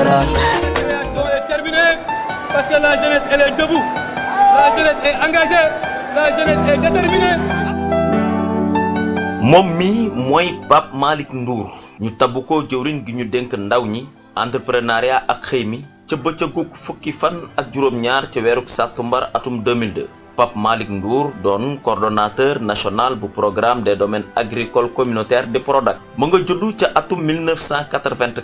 moom mi mooy Pape Malick Ndour ñu tabb ko jëwriñ gi ñu dénk ndaw ñi entrepreneuriat ak xëy mi ca bëccëgu fukki fan ak juróom-ñaar ca weeruk sàttumbar atum 2002. Pape Malick Ndour doon coordonnateur national bu programme des domaines agricoles communautaires de Prodac mu nga juddu ca atum 1984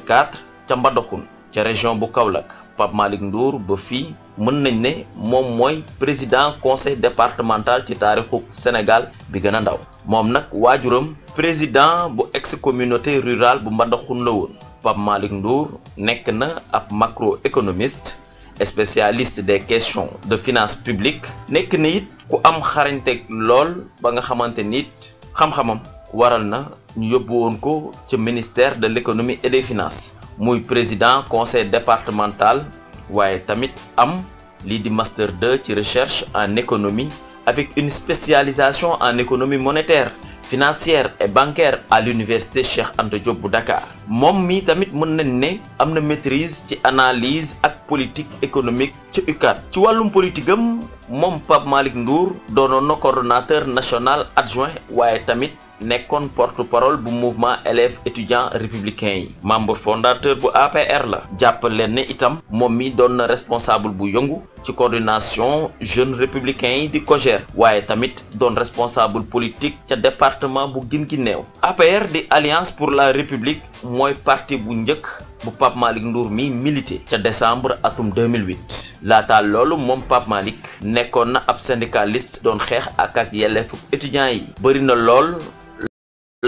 ca Mbadakhoune ca région bu Kaolack Pape Malick Ndour ba fii mën nañ ne moom mooy président conseil départemental ci taarixu Sénégal bi gën a ndaw moom nag waajuram président bu ex communauté rurale bu Mbadakhoune la woon Pape Malick Ndour nekk na ab macroéconomiste spécialiste des questions de finances publiques nekk na it ku am xarañteeg lool ba nga xamante ni it xam-xamam waral na ñu yóbbu woon ko ca ministère de l'économie et des finances muy président conseil départemental waaye tamit am lii di master 2 ci recherche en économie avec une spécialisation en économie monétaire financière et bancaire à l'université Cheikh Anta Diop bu Dakar moom mi tamit mën nañ ne am na maîtrise ci analyse ak politique économique ci UCAD ci wàllum politique am moom Pape Malick Ndour doonoon na coordonnateur national adjoint waaye tamit nekkoon porte parole bu mouvement élèves étudians républicains yi membre fondateur bu APR la jàppal leen ne itam moom mi doon na responsable bu yëngu ci coordination jeune républicains yi di COJER waaye tamit doon responsable politique ca département bu Guinguinéo APR di alliance pour la république mooy parti bu njëkk bu Pape Malick Ndour mi milité ca décembre atum 2008 laataa loolu moom Pape nekkoon na ab syndicaliste doon xeex ak ak yelleefu étudiants yi bëri na lool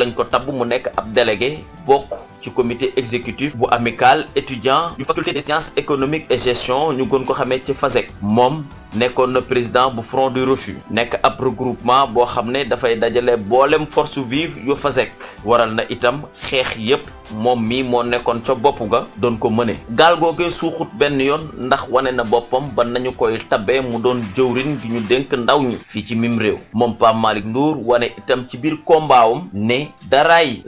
lañ ko tabb mu nekk ab délégué bokk ci comité exécutif bu amical étudiant yu faculté des sciences économiques et gestion ñu gën ko xamee ci FASEG moom nekkoon na président bu front du refus nekk ab regroupement boo xam ne dafay dajale boolem force vive yu FASEG waral na itam xeex yépp moom mii moo nekkoon ca bopp ga doon ko mëne gaal googee suuxut benn yoon ndax wane na boppam ba nañu koy tabee mu doon jëwrin gi ñu dénk ndaw ñi fii ci miim réew moom Pape Malick wane itam ci biir kombaawam ne daraay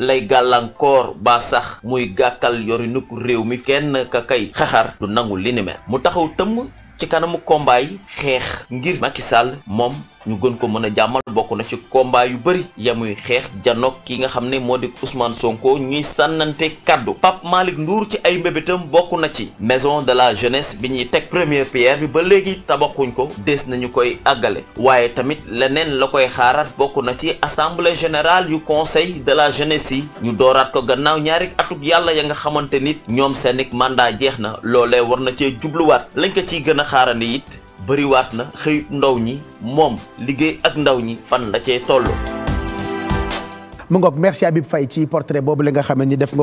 tax muy gàkkal yorinuk réew mi kenn ka kay xaxar du nangu li mu taxaw tëmm ci kanamu combat yi xeex ngir Macky Sall moom ñu gën ko mën a jàmmal bokk na ci combat yu bëri yamuy xeex janook ki nga xam ne moo di Ousmane Sonko ñuy sànnante kàddu Pape Malick nduur ci ay mbébétam bokk na ci maison de la jeunesse bi ñuy teg première pierre bi ba léegi tabaxuñ ko des nañu koy àggale waaye tamit leneen la koy xaaraat bokk na ci assemblée générale yu conseil de la jeunesse yi ñu dooraat ko gannaaw ñaari atuk yàlla ya nga xamante nit ñoom seen mandat jeex na loolee war xaarandi it bariwaat na xëyut ndaw ñi moom liggéey ak ndaw ñi fan la cee toll. mu ngoog merci Habib Faye ci portrait boobu la nga xam ne def nga.